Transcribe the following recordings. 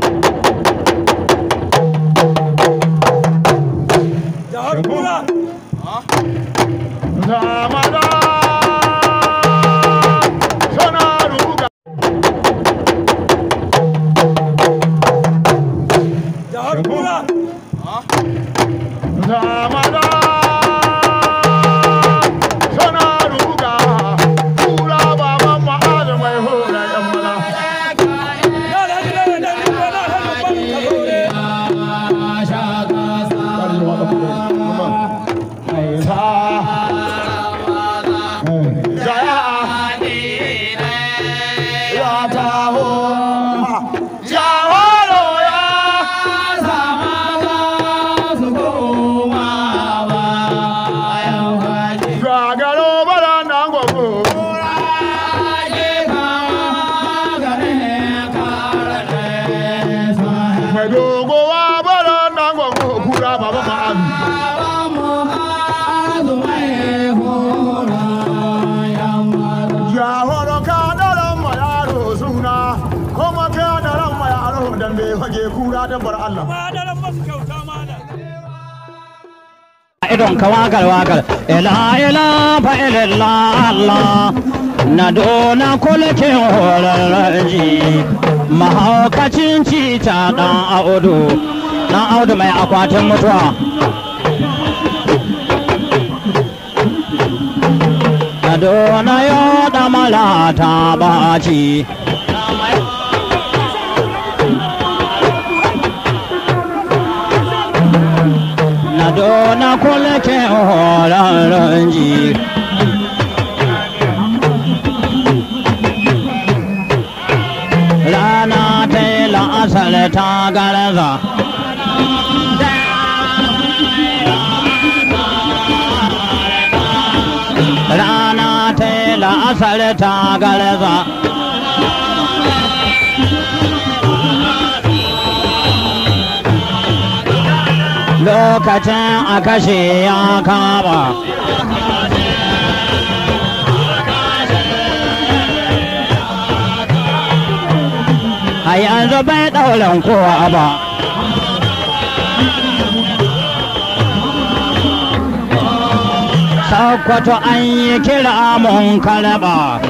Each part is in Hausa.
Thank you mai kura da bar Allah. Idon ka wakar wakar, ila ila fa ila Allah, na dona mahaukacin cita audu, ɗan audu mai akwatin mutuwa. Na dona yau da malata baci. Kaduna ke horon jiri. rana ta yi la'asar ta garza rana ta yi la'asar ta garza lokacin a kashe ya kama a yanzu bai ɗaurin kowa ba Sokoto an yi kira mun kalaba.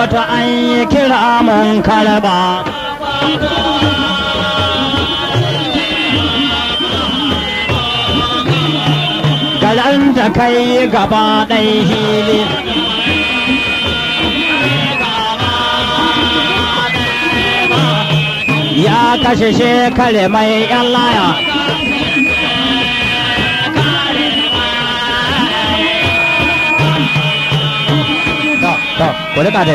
wata an yi kira mun karba galan da kai gaba ɗai hili ya kashe shekare mai yan laya Boleh ɗaya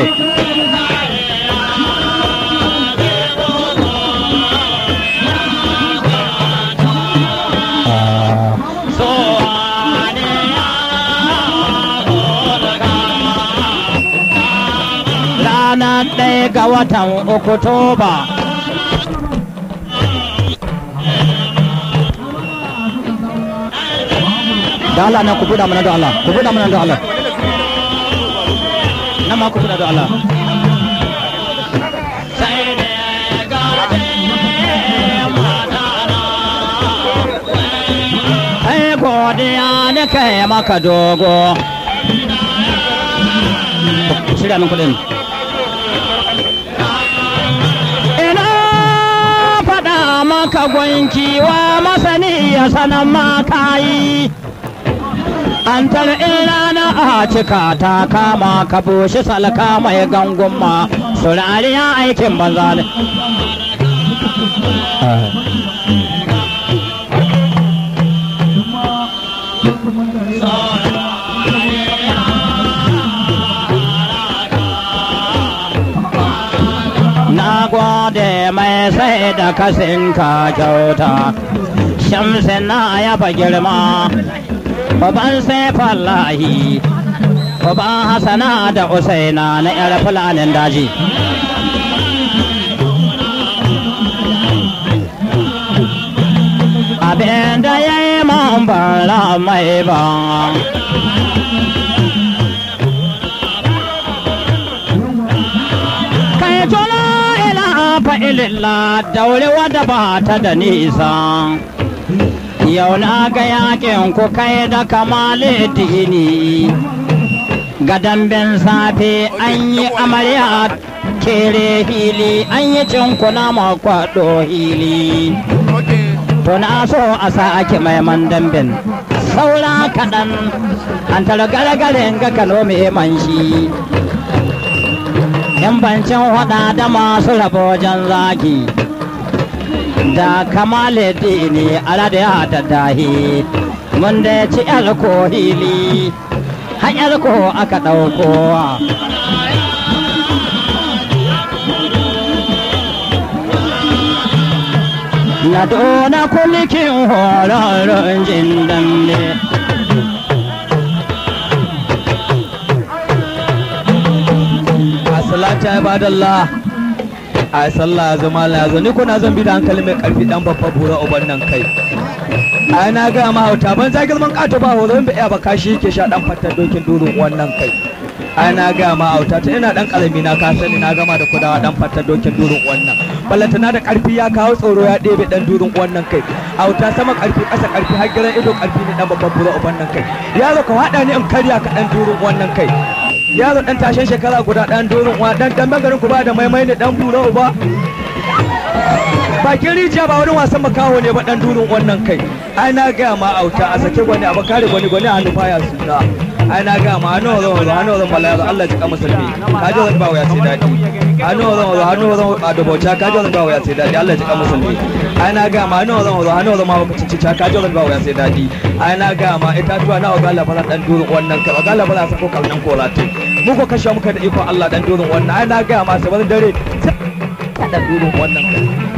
ga watan Oktoba. Da Allah nan ku buɗa mana da Allah, ku buɗa mana da Allah. amma ku tuna da Allah Ai godiya ne kai maka dogo Shirya min kudin Ina faɗa maka gwankiwa masani ya sanan makayi antar in rana a cika ta kama ka boshi salka mai gangun ma ya aikin banza ne Na gode mai sai da kasin ka kyauta, shamsin na ya fa girma. baban sai fallahi baban hasana da usaina na yar fulanin daji abin da ya yi man mai ba. kai ila daure wadda ba ta da nisa yau na ga yakin ku kai da kamale dini ga damben safe an yi amarya kere hili an yi cinkuna makwado hili tuna so a ake maiman damben. saura kaɗan an targargaren ga kano mai manshi yan bancin hada da masu rabo wajen zaki da kamale dini alade da ta dahi mun da ci alkohili hanyar ko aka ɗauko na dona kulikin horon jin dambe asalata ibadallah a sallah zama zo ni ko na zan bi da hankali mai karfi dan babba bura uban nan kai ai na ga mahauta ban za girman kato ba ho zan bi iya baka shi yake sha dan fatar dokin durin wannan kai ai na ga mahauta ta ina dan karami na ka sani na gama da kudawa dan fatar dokin durin wannan ballatana da karfi ya kawo tsoro ya ɗebe dan durin wannan kai auta sama karfi ƙasa karfi har gidan ido karfi ne dan babba bura uban nan kai yaro ka hada ni in karya ka dan durin wannan kai yaro dan tashin shekara guda dan dorin uwa dan dan bangaren ku ba da maimai ne dan buro uba bakin rijiya ba wani wasan makaho ne ba dan durin wannan kai ai na gaya ma auta a sake gwani a bakare gwani gwani a nufa ya suna ai na ga ma hannu zan wazo hannu zan balla yazo Allah ya jika musulmi kaji zan bawo ya sai dadi hannu zan wazo hannu zan a dubauta kaji zan bawo ya ce dadi Allah ya jika musulmi ai na ga ma hannu zan wazo hannu zan ma wakacin cica kaji zan bawo ya sai dadi ai na ga ma itatuwa na ga Allah fara dan duru wannan ka ga Allah fara sako kaunan koratu mu ko kashe muka da iko Allah dan durin wannan ai na ga ma sabar dare dan durin wannan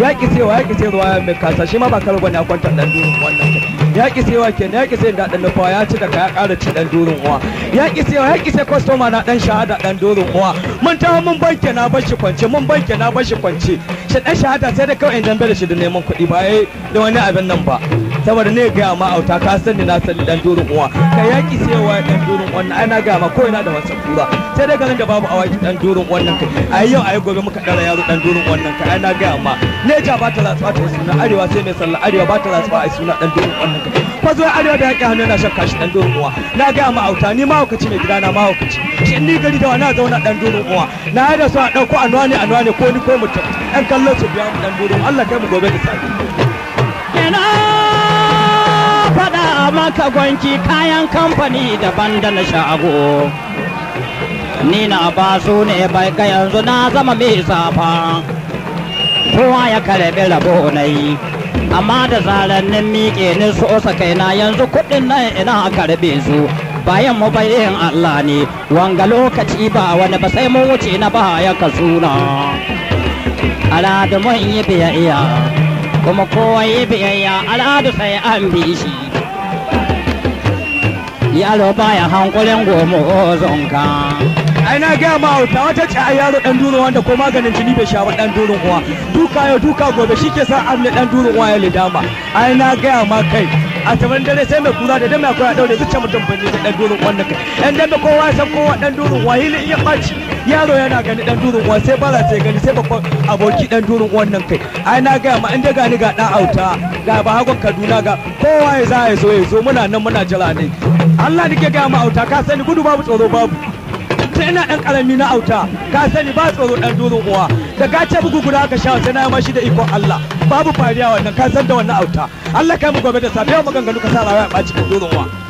ya ki cewa ya ki cewa mai kasa shi ma ba karo bane a kwantar dan durin wannan ya ki sewa ke ya ki sai da dan nufa ya ci daga ya ƙara ci dan durin uwa ya ki sewa ya ki sai kwastoma na dan shahada dan durin uwa mun taho mun banke na bashi shi kwance mun banke na bashi shi kwance shi dan shahada sai da kawai dan da shi da neman kuɗi ba yayi eh, da wani abin nan ba saboda ne ga ma auta ka sani na san dan durin uwa ka yaki sai wa dan durin wannan ai na ga ma ko ina da wasan kura sai dai garin da babu awaki dan durin wannan ka ai yau ai gobe muka dara yaro dan durin wannan ka ai na ga ma ne ja ba ta latsuwa ta suna arewa sai mai sallah arewa ba ta latsuwa ai suna dan durin wannan ka fa zo arewa da yaki hannu na shakka shi dan durin uwa na ga ma auta ni ma hukaci mai gidana ma hukaci shi ni gari da wani zauna dan durin uwa na yi da su a dauko anwani ne ko ni ko mutum yan kallon su biya mu dan durin Allah kai mu gobe da sa. maka gwanki kayan kamfani daban da na shago ni na ba su ne bai ga yanzu na zama mai safa kowa ya karbi rabo na yi amma da zarar nan miƙe ni kai na yanzu kuɗin nan ina karbe su bayan mu bayin Allah ne wanga lokaci ba wani ba sai mun wuce na baya ka suna aladu mun yi biyayya kuma kowa yi biyayya aladu sai an bi shi yaro baya hankulin gomo zonka ai na gaya ma ta wata ce a yaro dan durin wanda ko maganin jini bai sha ba dan durin kuwa. duka yau duka gobe shi ke sa ne dan durin kuwa ya lidama ai na gaya ma kai a taban dare sai mai kura da dama akwai a daure zuciya mutum bane dan durin uwan kai dan dama kowa san kowa dan durin wahili hili iya baci yaro yana gani dan durin uwa sai bara sai gani sai babban aboki dan durin uwan nan kai ai na ga ma inda gani ga da auta ga ba hagon Kaduna ga kowa ya za ya zo ya zo muna nan muna jira ne Allah nake ga ma auta ka sani gudu babu tsoro babu sai ina dan karami na auta ka sani ba tsoro dan durin uwa da gace ce bugu guda ka sha sai na mashi da ikon Allah babu fariya wannan ka san da wannan auta Allah kai mu gobe da safiya maganganu ka sa rawaya ba cikin durin uwa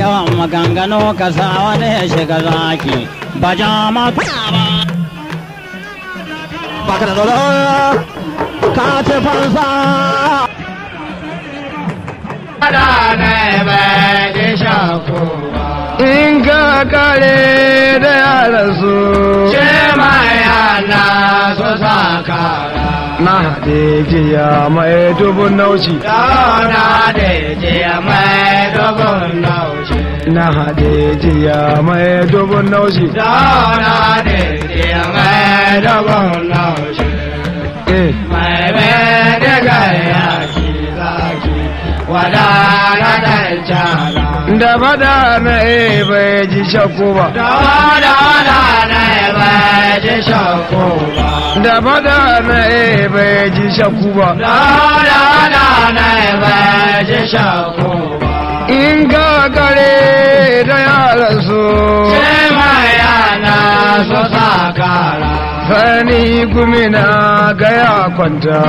yawan maganganu ka sa wani ya shiga zaki ba ja mata ba ba ka da dole eh, ka ce fansa da ne bai ji shako in ka kare da yarasu ce mai ana so sa kara na haɗe jiya mai dubun nauci na haɗe jiya mai dubun nauci na haɗe jiya mai dubun nauci na haɗe jiya mai dubun nauci eh. mai bai daga yaki zaki wadana da jana da bada na e bai ji shakku ba da bada na e bai ji shakku ba da bada na bai ji shaku ba da bada na e bai ji shaku e in ga gare da yaran su ce ma yana su sakara sani gumina ga ya kwanta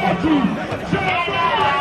Chega! Chega!